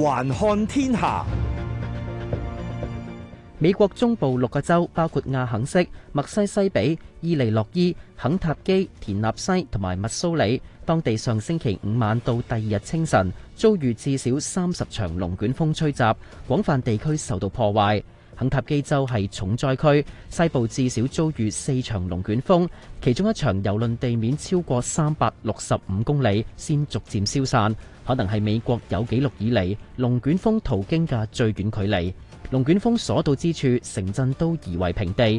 環看天下，美國中部六個州包括亞肯色、墨西西比、伊利諾伊、肯塔基、田納西同埋密蘇里，當地上星期五晚到第二日清晨遭遇至少三十場龍捲風吹襲，廣泛地區受到破壞。肯塔基州係重災區，西部至少遭遇四場龍捲風，其中一場遊輪地面超過三百六十五公里，先逐漸消散，可能係美國有記錄以嚟龍捲風途經嘅最遠距離，龍捲風所到之處，城鎮都夷為平地。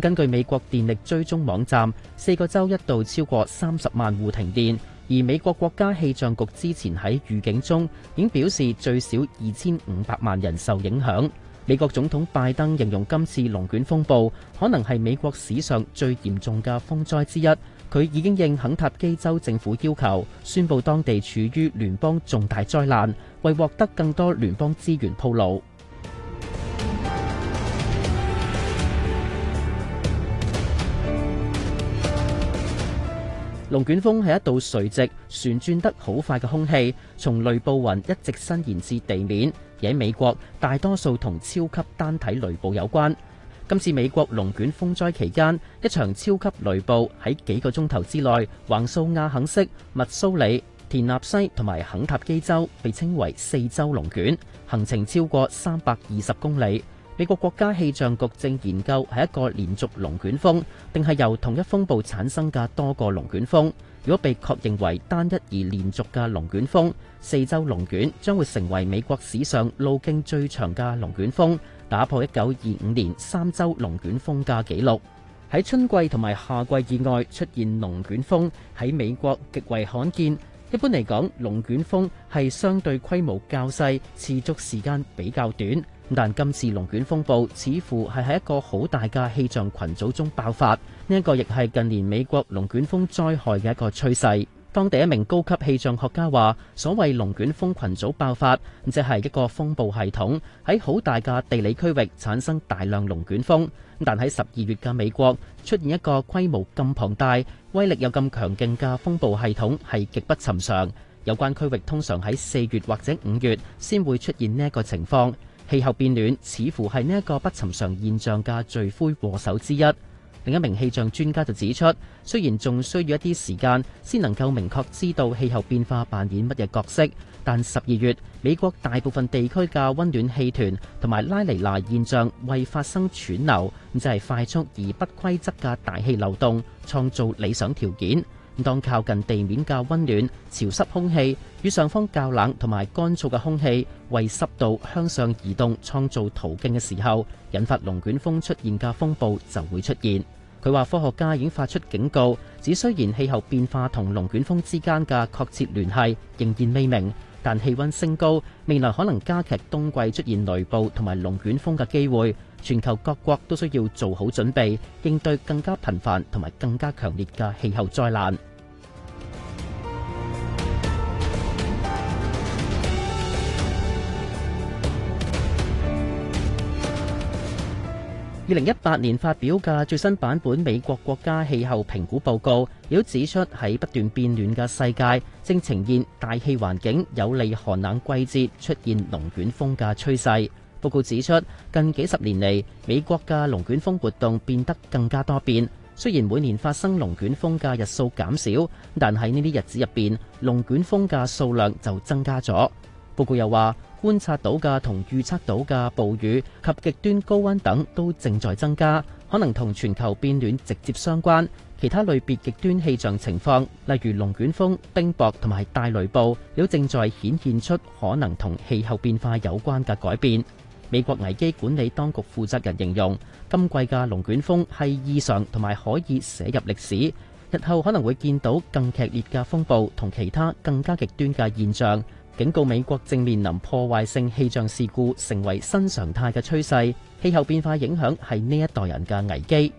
根據美國電力追蹤網站，四個州一度超過三十萬戶停電，而美國國家氣象局之前喺預警中已經表示最少二千五百萬人受影響。美國總統拜登形容今次龍捲風暴可能係美國史上最嚴重嘅風災之一，佢已經應肯塔基州政府要求，宣布當地處於聯邦重大災難，為獲得更多聯邦資源鋪路。龍捲風係一道垂直旋轉得好快嘅空氣，從雷暴雲一直伸延至地面。而喺美國，大多數同超級單體雷暴有關。今次美國龍捲風災期間，一場超級雷暴喺幾個鐘頭之內橫掃亞肯色、密蘇里、田納西同埋肯塔基州，被稱為四州龍捲，行程超過三百二十公里。美國國家氣象局正研究係一個連續龍捲風，定係由同一風暴產生嘅多個龍捲風。如果被確認為單一而連續嘅龍捲風，四州龍捲將會成為美國史上路徑最長嘅龍捲風，打破一九二五年三州龍捲風嘅紀錄。喺春季同埋夏季以外出現龍捲風，喺美國極為罕見。一般嚟講，龍捲風係相對規模較細，持續時間比較短。但今次龍捲風暴似乎係喺一個好大嘅氣象群組中爆發，呢一個亦係近年美國龍捲風災害嘅一個趨勢。當地一名高級氣象學家話，所謂龍捲風群組爆發，即係一個風暴系統喺好大嘅地理區域產生大量龍捲風。咁但喺十二月嘅美國出現一個規模咁龐大、威力又咁強勁嘅風暴系統，係極不尋常。有關區域通常喺四月或者五月先會出現呢一個情況。氣候變暖似乎係呢一個不尋常現象嘅罪魁禍首之一。另一名氣象專家就指出，雖然仲需要一啲時間先能夠明確知道氣候變化扮演乜嘢角色，但十二月美國大部分地區嘅溫暖氣團同埋拉尼娜現象為發生湍流，就係、是、快速而不規則嘅大氣流動，創造理想條件。當靠近地面較溫暖潮濕空氣與上方較冷同埋乾燥嘅空氣為濕度向上移動創造途徑嘅時候，引發龍捲風出現嘅風暴就會出現。佢話科學家已經發出警告，只雖然氣候變化同龍捲風之間嘅確切聯繫仍然未明。但氣溫升高，未來可能加劇冬季出現雷暴同埋龍捲風嘅機會。全球各國都需要做好準備，應對更加頻繁同埋更加強烈嘅氣候災難。二零一八年發表嘅最新版本美國國家氣候評估報告，亦都指出喺不斷變暖嘅世界，正呈現大氣環境有利寒冷季節出現龍捲風嘅趨勢。報告指出，近幾十年嚟，美國嘅龍捲風活動變得更加多變。雖然每年發生龍捲風嘅日數減少，但喺呢啲日子入邊，龍捲風嘅數量就增加咗。報告又話：觀察到嘅同預測到嘅暴雨及極端高溫等都正在增加，可能同全球變暖直接相關。其他類別極端氣象情況，例如龍捲風、冰雹同埋大雷暴，亦都正在顯現出可能同氣候變化有關嘅改變。美國危機管理當局負責人形容，今季嘅龍捲風係異常同埋可以寫入歷史。日後可能會見到更劇烈嘅風暴同其他更加極端嘅現象。警告：美國正面臨破壞性氣象事故，成為新常態嘅趨勢。氣候變化影響係呢一代人嘅危機。